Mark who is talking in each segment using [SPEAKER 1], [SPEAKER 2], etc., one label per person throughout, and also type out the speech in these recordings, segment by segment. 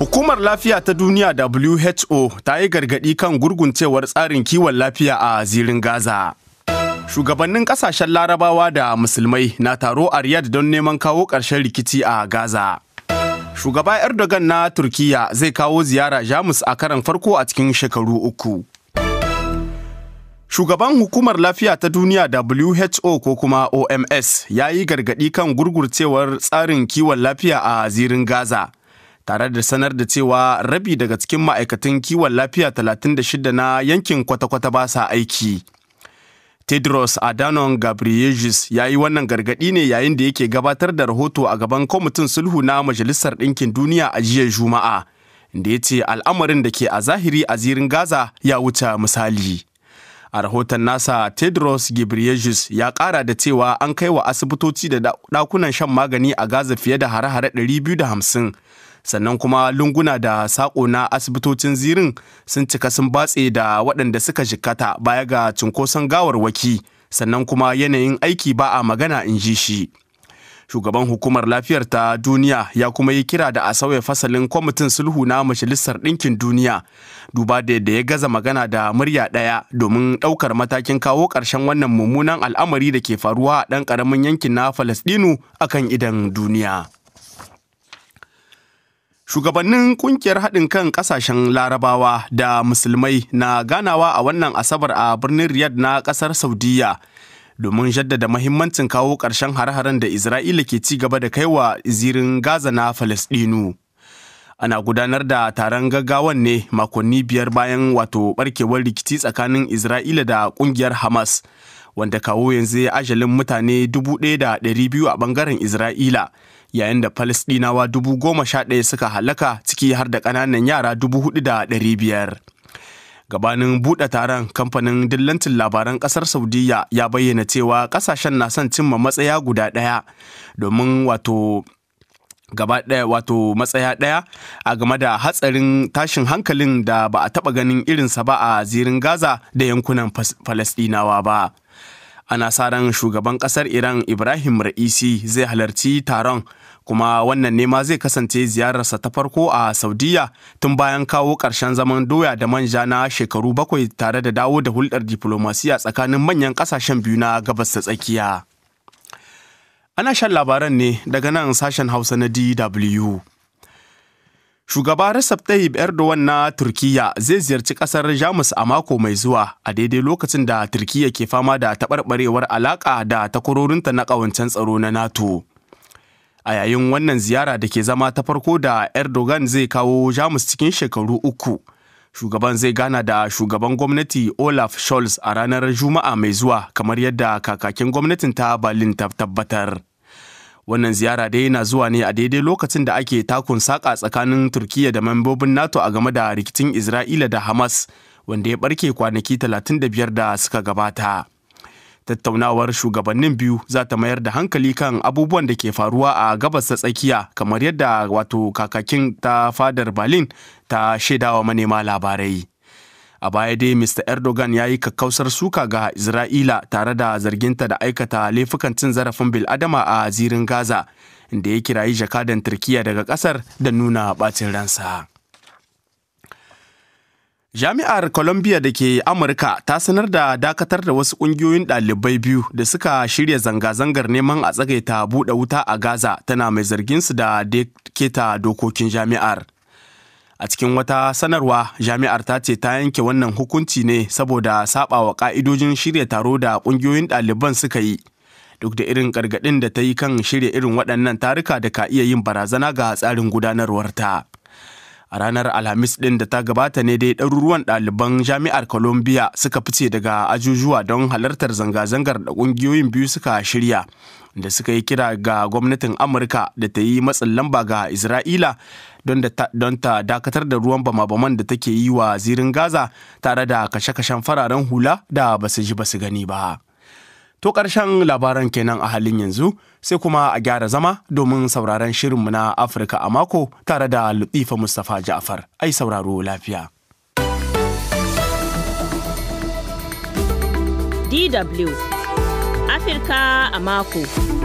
[SPEAKER 1] Hukumar Lafiya ta Duniya WHO ta yi gargaɗi kan gurguncewar tsarin kiwon lafiya a zirin Gaza. Shugabannin ƙasashen Larabawa da Musulmai na taro a Riyadh don neman kawo ƙarshen rikici a Gaza. Shugaba Erdogan na Turkiyya zai kawo ziyara Jamus a karan farko a cikin shekaru uku. Shugaban Hukumar Lafiya ta Duniya WHO ko kuma OMS ya yi gargaɗi kan gurgurcewar tsarin kiwon lafiya a zirin Gaza. tare da sanar da cewa rabi daga cikin ma'aikatan kiwon lafiya 36 na yankin kwata-kwata ba sa aiki. Tedros Adhanom Ghebreyesus ya yi wannan gargaɗi ne yayin da yake gabatar da rahoto a gaban kwamitin sulhu na Majalisar Ɗinkin Duniya a jiya Juma'a, da ya ce al'amarin da ke a zahiri a zirin Gaza ya wuce misali. a rahoton nasa tedros ghebreyesus ya kara da cewa an kai wa asibitoci da dakunan shan magani a gaza fiye da hare-hare 250 sannan kuma lunguna da sako na asibitocin zirin sun cika sun batse da waɗanda suka jikata baya ga cunkoson gawarwaki sannan kuma yanayin aiki ba a magana in ji shi shugaban hukumar lafiyar ta duniya ya kuma yi kira da a sauya fasalin kwamitin sulhu na majalisar ɗinkin duniya duba da yadda ya gaza magana da murya ɗaya domin ɗaukar matakin kawo ƙarshen wannan mummunan al'amari da ke faruwa a ɗan ƙaramin yankin na falasɗinu akan idan duniya. Shugabannin kungiyar haɗin kan ƙasashen Larabawa da Musulmai na ganawa a wannan Asabar a birnin Riyad na ƙasar Saudiyya domin jaddada mahimmancin kawo ƙarshen hare-haren da Isra'ila ke ci gaba da kaiwa zirin Gaza na Falasɗinu. Ana gudanar da taron gaggawan ne makonni biyar bayan wato barkewar rikici tsakanin Isra'ila da ƙungiyar Hamas. wanda kawo yanzu ya ajalin mutane 1,200 a bangaren Isra'ila yayin da Falasɗinawa ɗaya suka halaka ciki har da ƙananan yara dubu hudu da biyar. gabanin buɗe taron kamfanin dillancin labaran ƙasar Saudiyya ya bayyana cewa ƙasashen na son cimma matsaya guda ɗaya domin wato gaba ɗaya wato matsaya ɗaya a game da hatsarin tashin hankalin da ba a taɓa ganin irinsa ba a zirin gaza da yankunan falasɗinawa ba ana sa ran shugaban kasar iran ibrahim ra'isi zai halarci taron kuma wannan nema zai kasance ziyararsa ta farko a saudiya tun bayan kawo ƙarshen zaman doya da manja na shekaru bakwai tare da dawo da hulɗar diflomasiya tsakanin manyan ƙasashen biyu na gabas ta tsakiya ana shan labaran ne daga nan sashen hausa na dw Shugaba Recep Tayyip Erdogan na Turkiyya zai ziyarci kasar Jamus a mako mai zuwa a daidai lokacin da Turkiyya ke fama da taɓarɓarewar alaƙa da takwarorinta na ƙawancen tsaro na NATO. A yayin wannan ziyara da ke zama ta farko da Erdogan zai kawo Jamus cikin shekaru uku. Shugaban zai gana da shugaban gwamnati Olaf Scholz a ranar Juma'a mai zuwa kamar yadda kakakin gwamnatin ta Berlin ta tabbatar. wannan ziyara dai na zuwa ne a daidai lokacin da ake takun saƙa tsakanin turkiya da membobin nato a game da rikicin isra'ila da hamas wanda ya barke kwanaki 35 da suka gabata tattaunawar shugabannin biyu za ta mayar da hankali kan abubuwan da ke faruwa a gabas ta tsakiya kamar yadda wato kakakin ta fadar berlin ta shaidawa manema labarai A baya dai Mr. Erdogan ya yi kakkausar suka ga Isra'ila tare da zarginta da aikata laifukan cin zarafin bil'adama a zirin Gaza, inda ya kirayi jakadan Turkiyya daga ƙasar da nuna ɓacin ransa. Jami'ar Columbia da ke Amurka ta sanar da dakatar da wasu ƙungiyoyin ɗalibai biyu da suka shirya zanga-zangar neman a tsagaita buɗe wuta a Gaza tana mai zargin su da keta dokokin jami'ar. a cikin wata sanarwa jami'ar ta ce ta yanke wannan hukunci ne saboda sabawa ka'idojin shirya taro da ƙungiyoyin ɗaliban suka yi duk da irin gargaɗin da ta yi kan shirya irin waɗannan taruka da ka iya yin barazana ga tsarin gudanarwar ta a ranar alhamis ɗin da ta gabata ne dai ɗaruruwan ɗaliban jami'ar columbia suka fice daga ajujuwa don halartar zanga-zangar da ƙungiyoyin biyu suka shirya da suka yi kira ga gwamnatin amurka da ta yi matsin lamba ga isra'ila don ta dakatar da ruwan bama-baman da take yi wa zirin Gaza tare da kashe-kashen fararen hula da ba su ji ba su gani ba. To ƙarshen labaran kenan a halin yanzu sai kuma a gyara zama domin sauraron shirinmu na Afirka a mako tare da Lutifa Mustapha Ja'far. Ai sauraro lafiya.
[SPEAKER 2] DW Afirka a mako.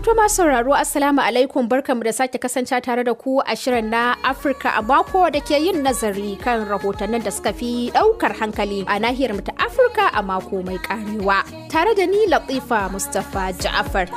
[SPEAKER 2] To masu sauraro Assalamu alaikum barkamu da sake kasance tare da ku a shirin na Afirka a mako da ke yin nazari kan rahotannin da suka fi daukar hankali a nahiyar mu ta Afirka a mako mai karewa. Tare da ni Latifa Mustapha Ja'afar.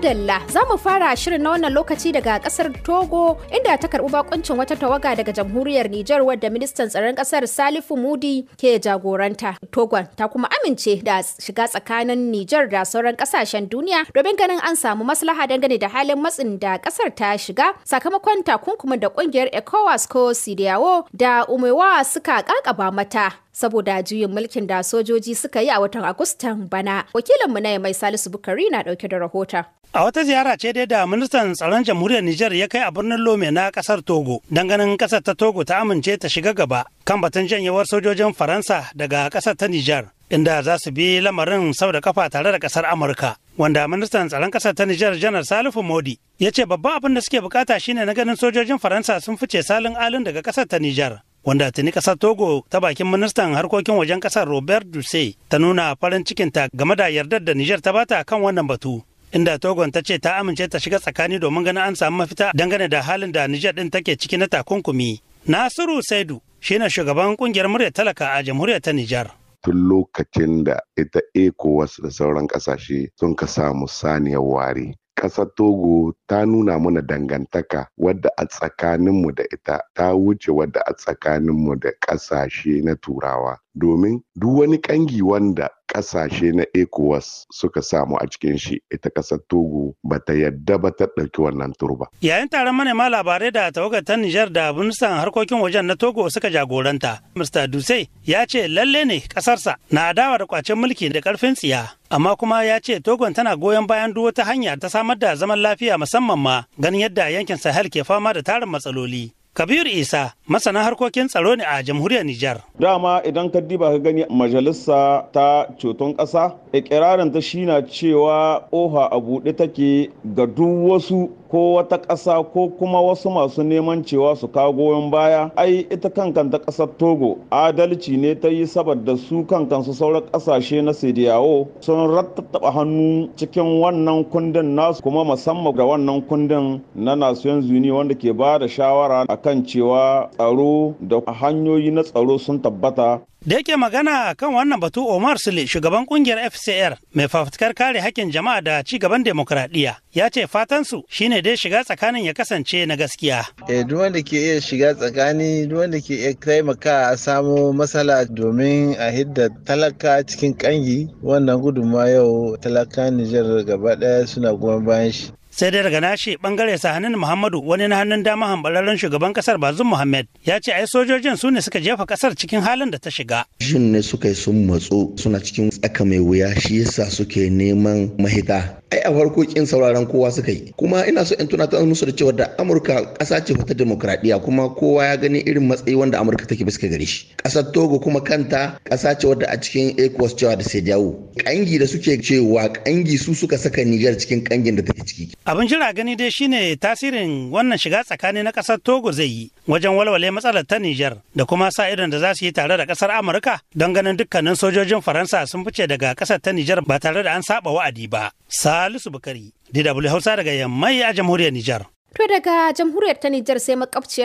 [SPEAKER 2] madalla za mu fara shirin na wannan lokaci daga kasar togo inda ta karbi bakuncin wata tawaga daga jamhuriyar nijar wadda ministan tsaron kasar salifu mudi ke jagoranta togon ta kuma amince da shiga tsakanin nijar da sauran kasashen duniya domin ganin an samu maslaha dangane da halin matsin da kasar ta shiga sakamakon takunkumin da kungiyar ecowas ko sidiyawo da umewa suka kakaba mata saboda juyin mulkin da sojoji suka yi a watan Agustan bana. Wakilinmu na mai Salisu Bukari na ɗauke da rahoton.
[SPEAKER 3] A wata ziyara ce dai da ministan tsaron jamhuriyar Nijar ya kai a birnin Lome na kasar Togo, don ganin kasar ta Togo ta amince ta shiga gaba kan batun janyewar sojojin Faransa daga kasar ta Nijar. Inda za su bi lamarin sau da kafa tare da kasar Amurka, wanda ministan tsaron kasar ta Nijar Janar Salifu Modi ya ce babban abin da suke bukata shine na ganin sojojin Faransa sun fice salin alin daga kasar ta Nijar. wanda tuni kasar togo ta bakin ministan harkokin wajen kasar robert duse ta nuna farin cikinta game da yardar da niger ta bata kan wannan batu inda togon ta ce ta amince ta shiga tsakani domin ganin an samu mafita dangane da halin da niger din take ciki na takunkumi nasiru saidu shine shugaban kungiyar murya talaka a jamhuriyar ta niger
[SPEAKER 4] tun lokacin da ita eko wasu da sauran kasashe sun ka samu saniyar ware ƙasar togo ta nuna mana dangantaka wadda a tsakaninmu da ita ta wuce wadda a tsakaninmu da ƙasashe na turawa domin duk wani kangi wanda kasashe na ECOWAS suka samu a cikin shi ita kasar Togo ba ta yadda ba ta ɗauki wannan turba.
[SPEAKER 3] Yayin taron manema labarai da tawagar ta Nijar da ministan harkokin wajen na Togo suka jagoranta, Mr. Duse ya ce lalle ne ƙasarsa na adawa da kwacin mulki da ƙarfin tsiya. Amma kuma ya ce Togon tana goyon bayan duk wata hanya ta samar da zaman lafiya musamman ma ganin yadda yankin Sahel ke fama da tarin matsaloli. Kabir Isa masana harkokin tsaro ne a jamhuriyar Nijar.
[SPEAKER 5] Dama idan ka diba ka gani majalisa ta ceton ƙasa, ikirarin ta shina cewa Oha a buɗe take ga duk wasu ko wata ƙasa ko kuma wasu masu neman cewa su kawo goyon baya ai ita kankan ta ƙasar togo adalci ne ta yi saboda su kankan su sauran ƙasashe na sediyawo sun rattaba hannu cikin wannan kundin nasu kuma musamman ga wannan kundin na nations union wanda ke ba da shawara akan cewa tsaro da
[SPEAKER 3] hanyoyi na tsaro sun tabbata Da yake magana kan wannan batu Omar Sule shugaban kungiyar FCR mai fafutukar kare hakkin jama'a da ci gaban demokradiyya ya ce fatansu shine dai shiga tsakanin ya kasance na gaskiya.
[SPEAKER 6] Eh duk wanda ke iya shiga tsakani duk wanda ke iya taimaka a samo matsala domin a hidda talaka cikin kangi
[SPEAKER 5] wannan gudunmawa yau talaka Nijar gaba ɗaya suna goyon bayan shi.
[SPEAKER 3] sai dai daga nashi bangare sahanin muhammadu wani na hannun dama hambararren shugaban kasar bazum muhammad ya ce ai sojojin su ne suka jefa kasar cikin halin da ta shiga
[SPEAKER 5] shin ne suka yi sun matso suna cikin tsaka mai wuya shi yasa suke neman mahita ai a harkokin sauraron kowa suka yi kuma ina so in tunatar musu da cewa da amurka ƙasa ce ta demokradiyya kuma kowa ya gani irin matsayi wanda amurka take biska gare shi kasar togo kuma kanta ƙasa ce wadda a cikin ecos cewa da jawo ƙangi da suke cewa ƙangi su suka saka nijar cikin ƙangin da take ciki
[SPEAKER 3] abin jira gani dai shine tasirin wannan shiga tsakani na kasar togo zai yi wajen walwale matsalar ta nijar da kuma sa irin da zasu yi tare da kasar amurka don ganin dukkanin sojojin faransa sun fice daga ƙasar ta nijar ba tare da an saba wa'adi ba Salisu Bukari, DW Hausa daga Yammai a Jamhuriyar Nijar.
[SPEAKER 2] To daga jamhuriyar ta Nijar sai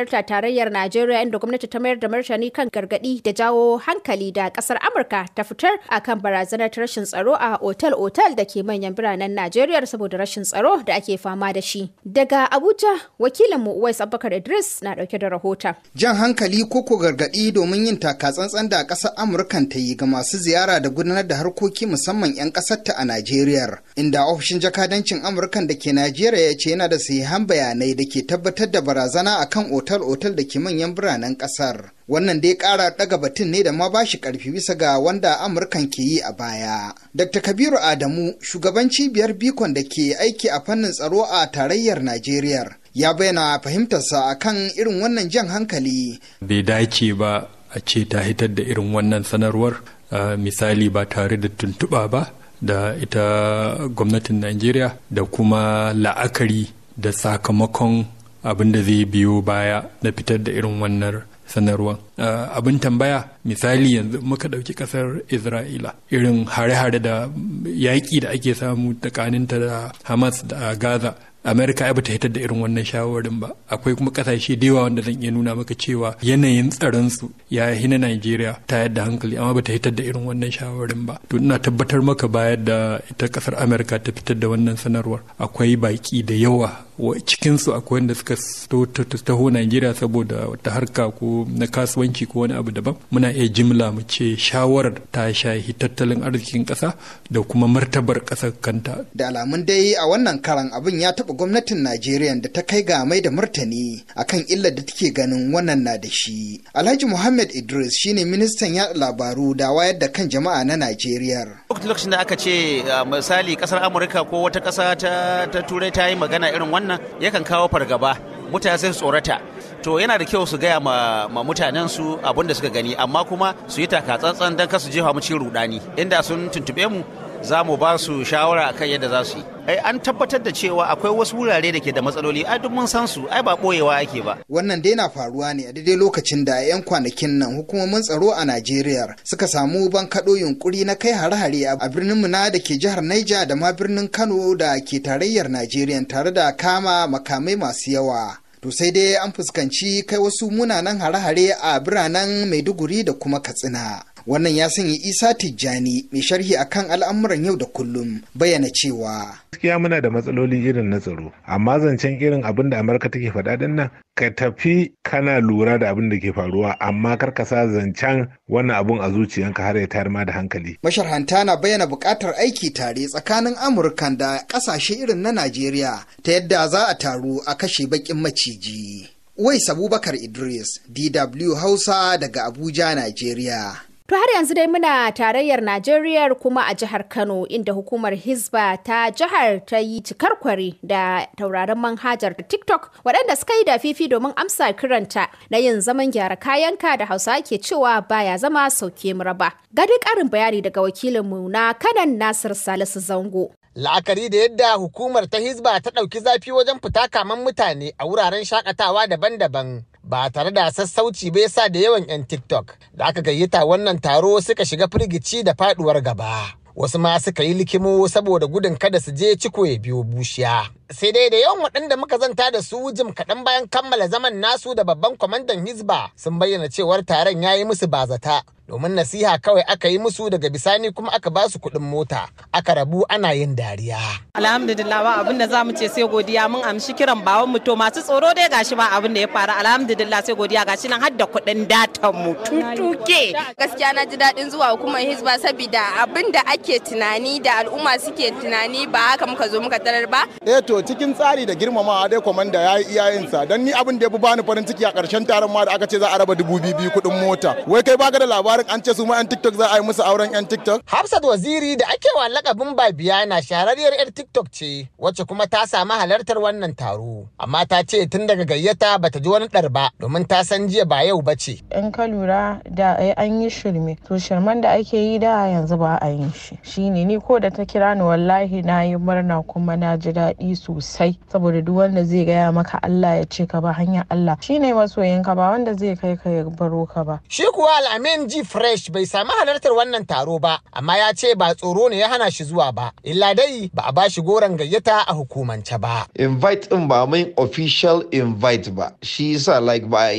[SPEAKER 2] ta tarayyar Najeriya inda gwamnati ta mayar da martani kan gargadi da jawo hankali da kasar Amurka ta fitar a kan barazanar ta rashin tsaro a otal-otal da ke manyan biranen Najeriya saboda rashin tsaro da ake fama da shi. Daga Abuja, wakilin mu Uwais Abubakar Idris na dauke da rahota.
[SPEAKER 7] Jan hankali koko ko gargadi domin yin taka tsantsan da kasar Amurka ta yi ga masu ziyara da gudanar da harkoki musamman 'yan kasar ta a Najeriya, inda ofishin jakadancin Amurka da ke Najeriya ya ce yana da sahihan bayanai bayanai da ke tabbatar da barazana a kan otal-otal da ke manyan biranen ƙasar. Wannan dai kara ɗaga batun ne da ma ba shi ƙarfi bisa ga wanda Amurkan ke yi a baya. Dr. Kabiru Adamu, shugaban cibiyar Bikon da ke aiki a fannin tsaro a tarayyar Najeriya, ya bayyana fahimtarsa a kan irin wannan jan hankali.
[SPEAKER 8] Bai dace ba a ce ta hitar da irin wannan sanarwar misali ba tare da tuntuɓa ba da ita gwamnatin Najeriya da kuma la'akari da sakamakon abin da zai biyo baya na fitar da irin wannan sanarwa ah, abin tambaya misali yanzu muka ɗauki ƙasar isra'ila irin hare-hare da yaƙi da ake samu tsakaninta da hamas da gaza amerika ba bata hitar da irin wannan shawarwarin ba akwai kuma kasashe da yawa wanda zan iya nuna maka cewa yanayin tsaron su ya yi na nigeria ta yadda hankali amma bata hitar da irin wannan shawarwarin ba to ina tabbatar maka bayar da ita kasar amerika ta fitar da wannan sanarwar akwai baki da yawa cikin su akwai wanda suka taho Najeriya saboda wata harka ko na kasuwanci ko wani abu daban muna iya jimla mu ce shawarar ta shahi tattalin arzikin kasa da kuma martabar kasar kanta.
[SPEAKER 7] Da alamun dai a wannan karan abin ya taba gwamnatin Najeriya da ta kai ga mai da martani akan illar da take ganin wannan na da shi. Alhaji Muhammad Idris shine ministan yaɗa labaru da wayar da kan jama'a na Najeriya.
[SPEAKER 5] Lokacin da aka ce ah, misali kasar Amurka ko wata kasa ta turai ta yi magana irin wannan yakan kawo fargaba mutane sai su tsorata to yana da kyau su gaya ma, ma mutanen su abin da suka gani amma kuma su yi takatsantsan don kasu jefa mu cikin rudani inda sun tuntube mu za mu ba su shawara kan yadda za su yi ai an tabbatar da cewa akwai wasu wurare da ke da matsaloli ai duk mun san su ai ba boyewa ake ba
[SPEAKER 7] wannan dai na faruwa ne a daidai lokacin da yan kwanakin nan hukumomin tsaro a Najeriya suka samu bankaɗo yunkuri na kai hare-hare a birnin mu na da ke jihar Niger da ma birnin Kano da ke tarayyar Najeriya tare da kama makamai masu yawa to sai dai an fuskanci kai wasu munanan hare-hare a biranen Maiduguri da kuma Katsina wannan ya sanya isa tijjani mai sharhi akan al'amuran yau da kullum bayyana cewa
[SPEAKER 5] gaskiya muna da matsaloli irin na tsaro amma zancen irin abin da amurka take faɗa din nan ka tafi kana lura da abin da ke faruwa amma kar ka sa zancen wannan abun a zuciyanka har ya tayar ma da hankali
[SPEAKER 7] masharhanta na bayyana buƙatar aiki tare tsakanin amurkan da ƙasashe irin na najeriya
[SPEAKER 5] ta yadda za
[SPEAKER 7] a taru a kashe baƙin maciji Uwais sabubakar Idris, DW Hausa daga Abuja, Najeriya.
[SPEAKER 2] To har yanzu dai muna tarayyar Najeriya kuma a jihar Kano inda hukumar Hizba ta jihar ta yi cikar kwari da tauraron manhajar TikTok waɗanda suka yi da fifi domin amsa kiranta na yin zaman gyara kayanka da Hausa ke cewa baya zama sauke muraba. Gadi ƙarin bayani daga wakilinmu na Kanan Nasir Salisu Zango.
[SPEAKER 6] la'akari da yadda hukumar ta hizba ta ɗauki zafi wajen fita kaman mutane a wuraren shakatawa daban-daban ba tare da sassauci ba yasa da yawan 'yan tiktok da aka gayyata wannan taro suka shiga firgici da faduwar gaba wasu ma suka yi likimo saboda gudun kada su je ciko ya biyo bushiya sai dai da yawan waɗanda muka zanta da su jim kaɗan bayan kammala zaman nasu da babban kwamandan hizba sun bayyana cewar taron ya yi musu bazata domin nasiha kawai aka yi musu daga bisani kuma aka ba su kuɗin mota aka rabu ana yin
[SPEAKER 2] dariya alhamdulillah ba abin da zamu ce sai godiya mun amshi kiran bawan mu to masu tsoro dai gashi ba abin da ya faru alhamdulillah sai godiya gashi nan hadda da kuɗin datan mu tutuke gaskiya na ji daɗin zuwa hukumar hizba saboda abin da ake tunani da al'umma suke tunani ba haka muka zo muka tarar ba
[SPEAKER 6] eh to to cikin tsari da girmamawa dai kwamanda ya yi iyayensa don ni abin da ya fi bani farin ciki a ƙarshen taron ma da aka ce za a raba dubu biyu kuɗin mota wai kai baka da labarin an ce su ma yan tiktok za a yi musu auren yan tiktok hafsat waziri da ake wa lakabin babiyana shahararriyar yar tiktok ce wacce kuma ta samu halartar wannan taro amma ta ce tun daga gayyata bata ji wani ɗar ba domin ta san jiya ba yau ba ce
[SPEAKER 2] in ka lura da eh, an yi shirme to shirman da ake yi da yanzu ba a yin shi shine ni ko da ta kira ni wallahi na yi murna kuma na ji daɗi sosai saboda duk wanda zai gaya maka Allah ya ce ka ba hanyar Allah shine masoyin ka ba wanda zai kai ka ya baro ka ba
[SPEAKER 6] shi kuwa al'amin ji fresh bai sami halartar wannan taro ba amma ya ce ba tsoro ne ya hana shi zuwa ba illa dai ba a bashi goron gayyata a hukumance ba
[SPEAKER 7] invite din ba mai official invite ba shi yasa like ba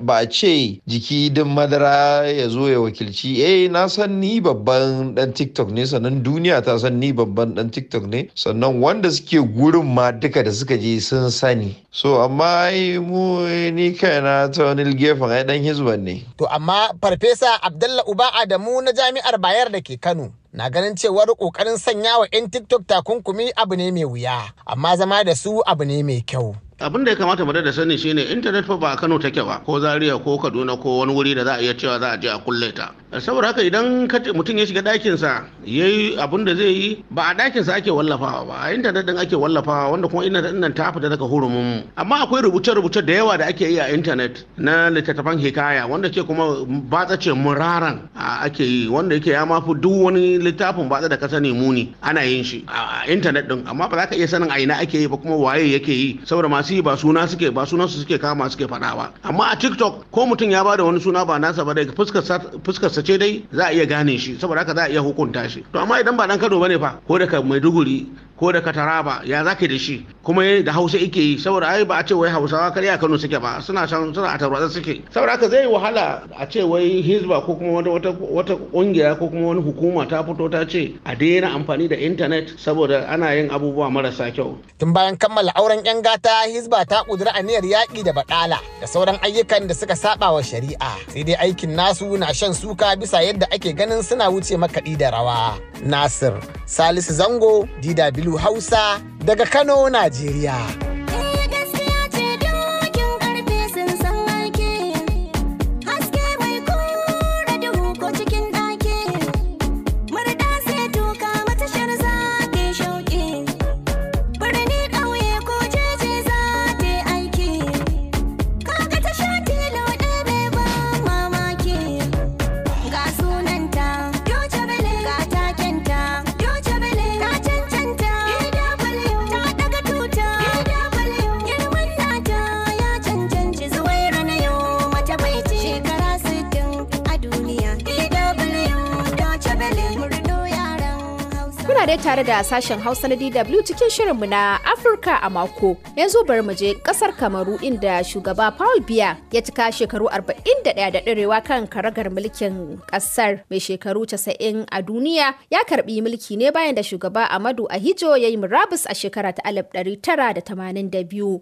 [SPEAKER 7] ba ce jiki din madara ya zo ya wakilci eh na san ni babban dan tiktok ne sannan
[SPEAKER 5] duniya ta san ni babban dan tiktok ne sannan wanda suke gurin ma duka da suka je sun sani so amma mu ni kaina ta wani gefen ai dan hizban ne
[SPEAKER 6] to amma farfesa abdalla uba adamu na jami'ar bayar da ke kano na ganin cewar kokarin sanya wa 'yan tiktok takunkumi abu ne mai wuya amma zama da su abu ne mai kyau
[SPEAKER 5] abin da ya kamata mu da sani shine intanet fa ba Kano take ba ko Zaria ko Kaduna ko wani wuri da za a iya cewa za a je a kulle ta saboda haka idan mutum ya shiga ɗakin sa yayi abin da zai yi ba a ɗakin sa ake wallafawa ba a intanet din ake wallafawa wanda kuma ina nan ta fita daga hurumin mu amma akwai rubuce-rubuce da yawa da ake yi a intanet na littattafan hikaya wanda ke kuma batsa ce muraran ake yi wanda yake ya mafi duk wani littafin batsa da ka sani muni ana yin shi a intanet din amma ba za ka iya sanin a ina ake yi ba kuma waye yake yi saboda masu su yi ba suna suke ba sunan su suke kama suke faɗa ba amma a tiktok ko mutum ya ba da wani suna ba nasa ba dai fuskar sa ce dai za a iya gane shi saboda haka za a iya hukunta shi to amma idan ba dan kado bane fa ko daga maiduguri ko da kataraba ya zaka da shi kuma da hausa yake yi saboda ai ba a ce wai hausawa karya kano suke ba suna can suna a tarwatsa suke saboda haka zai wahala a ce wai hizba ko kuma wata wata kungiya ko kuma wani hukuma ta fito ta ce a daina amfani da intanet saboda ana yin abubuwa marasa kyau tun bayan kammala auren yan gata
[SPEAKER 6] hizba ta kudura aniyar yaki da baɗala da sauran ayyukan da suka saba wa shari'a sai dai aikin nasu na shan suka bisa yadda ake ganin suna wuce makaɗi da rawa nasir salisu zango dw Hausa daga Kano, Najeriya.
[SPEAKER 2] tare da sashen Hausa na DW cikin shirinmu na Afirka a mako. Yanzu bari mu je kasar Kamaru inda shugaba Paul Biya ya cika shekaru 41 da ɗarewa kan karagar mulkin kasar mai shekaru 90 a duniya ya karbi mulki ne bayan da shugaba Amadu Ahijo ya yi murabus a shekara ta 1982.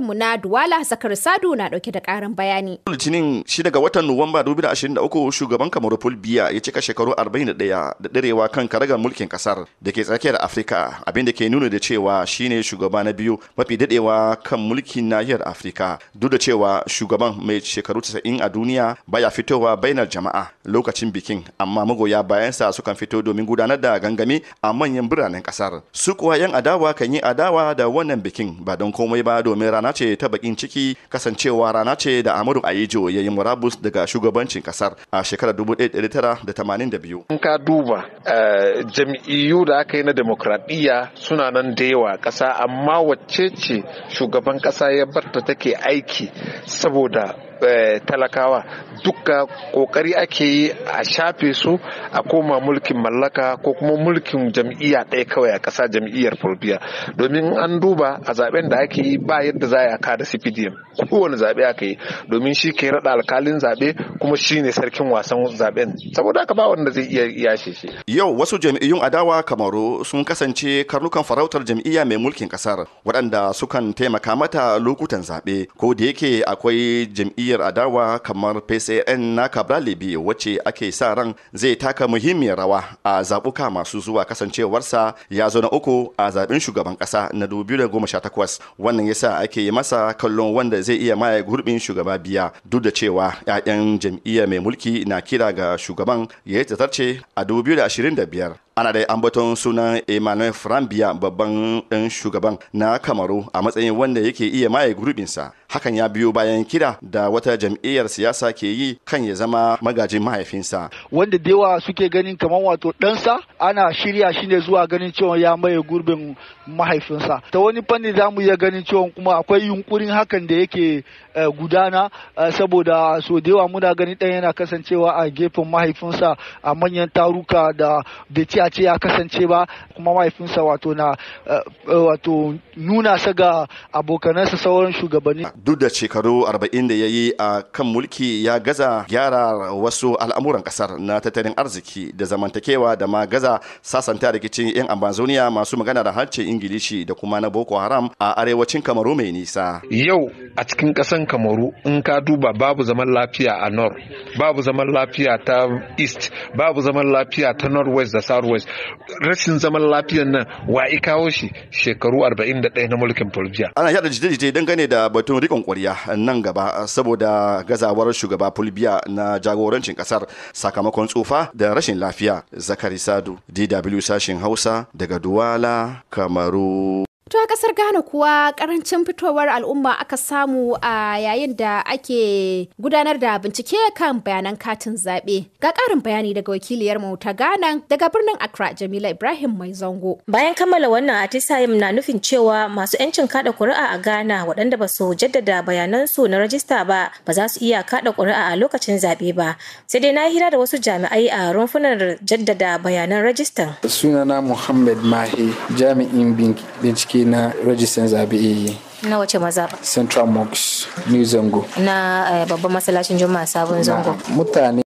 [SPEAKER 2] mu na Duwala Zakar Sadu na ɗauke da ƙarin bayani.
[SPEAKER 4] Litinin shi daga watan Nuwamba 2023 shugaban Kamaru Paul Biya ya cika shekaru 41 da ɗarewa kan karagar mulkin kasar da ke tsakiyar Afirka abin da ke nuna da cewa shine shugaba na biyu mafi dadewa kan mulkin nahiyar afirka duk da cewa shugaban mai shekaru 90 a duniya baya fitowa bainar jama'a lokacin bikin amma magoya bayansa sukan fito domin gudanar da gangami a manyan biranen kasar su kuwa yan adawa kan yi adawa da wannan bikin ba don komai ba domin rana ce ta bakin ciki kasancewa rana ce da amadu ayijo ya yi murabus daga shugabancin kasar a shekarar 1982 in ka duba
[SPEAKER 8] eh, jam'iyyu da aka yi na demokradiyya suna nan da yawa ƙasa amma wacce ce shugaban ƙasa ya barta take aiki saboda Eh, talakawa duka kokari ake yi a shafe su a koma mulkin mallaka ko kuma mulkin jam'iyya ɗaya kawai a ƙasa jam'iyyar fulbiya domin an duba a zaben da ake yi ba yadda za a kada cpdm kowane zaɓe aka yi domin shi ke raɗa alkalin zaɓe kuma shi ne sarkin wasan zaɓen saboda haka ba wanda zai iya yashe shi yau wasu jam'iyyun
[SPEAKER 4] adawa kamaru sun kasance karnukan farautar jam'iyya mai mulkin ƙasar waɗanda sukan taimaka mata lokutan zaɓe ko da yake akwai jam'iyyar jam'iyyar adawa kamar PCN na biyu wacce ake sa ran zai taka muhimmiyar rawa a zabuka masu zuwa kasancewarsa ya zo na uku a zaben shugaban kasa na 2018 wannan yasa ake yi masa kallon wanda zai iya maye gurbin shugaba biya duk da cewa 'ya'yan jam'iyyar mai mulki na kira ga shugaban ya yi a 2025 ana da ambaton sunan emmanuel frambia babban ɗan shugaban na kamaru a matsayin wanda yake iya maye gurbinsa hakan ya biyo bayan kira da wata jam'iyyar siyasa ke yi kan ya zama magajin mahaifinsa
[SPEAKER 7] wanda da suke ganin kamar wato ɗansa ana shirya shi ne zuwa ganin cewa ya maye gurbin mahaifinsa ta wani fanni za mu iya ganin cewa kuma akwai yunkurin hakan da yake eh, gudana eh, saboda so da yawa muna ganin ɗan yana kasancewa a gefen mahaifinsa a manyan taruka da bai ci a ce ya kasance ba kuma mahaifinsa wato na eh, wato nuna sa ga abokanansa sauran shugabanni
[SPEAKER 4] duk da shekaru 40 da ya yi a kan mulki ya gaza gyara wasu al'amuran kasar na tattalin arziki da zamantakewa da ma gaza sasanta rikicin 'yan ambazoniya masu magana da harshen ingilishi da kuma na boko haram a arewacin kamaru mai
[SPEAKER 8] nisa yau a cikin kasan kamaru in ka duba babu zaman lafiya a north babu zaman lafiya ta east babu zaman lafiya ta northwest da southwest rashin zaman lafiyan nan wa kawo shi shekaru 41 na mulkin fulbiya ana yada
[SPEAKER 4] jide-jide dangane da batun rikon nan gaba saboda gazawar shugaba Fulbiya na jagorancin kasar sakamakon tsufa da rashin lafiya. Zakari Sadu, DW sashin Hausa daga Duwala, Kamaru.
[SPEAKER 2] To a kasar Ghana kuwa karancin fitowar al'umma aka samu a yayin da ake gudanar da bincike kan bayanan katin zaɓe. Ga karin bayani daga wakiliyar mota ta Ghana daga birnin Accra Jamila Ibrahim Mai Zango. Bayan kammala wannan atisayim na nufin cewa masu 'yancin kada kuri'a a Ghana waɗanda ba su jaddada su na rajista ba ba za su iya kada kuri'a a lokacin zaɓe ba. Sai dai na hira da wasu jami'ai a rumfunar jaddada bayanan rajistan. Sunana
[SPEAKER 7] Muhammad Mahe jami'in bincike na rajistan zaɓe
[SPEAKER 2] na wace mazaɓa
[SPEAKER 7] central mosque new zango
[SPEAKER 2] na eh, babban masallacin juma'a sabon zango
[SPEAKER 7] mutane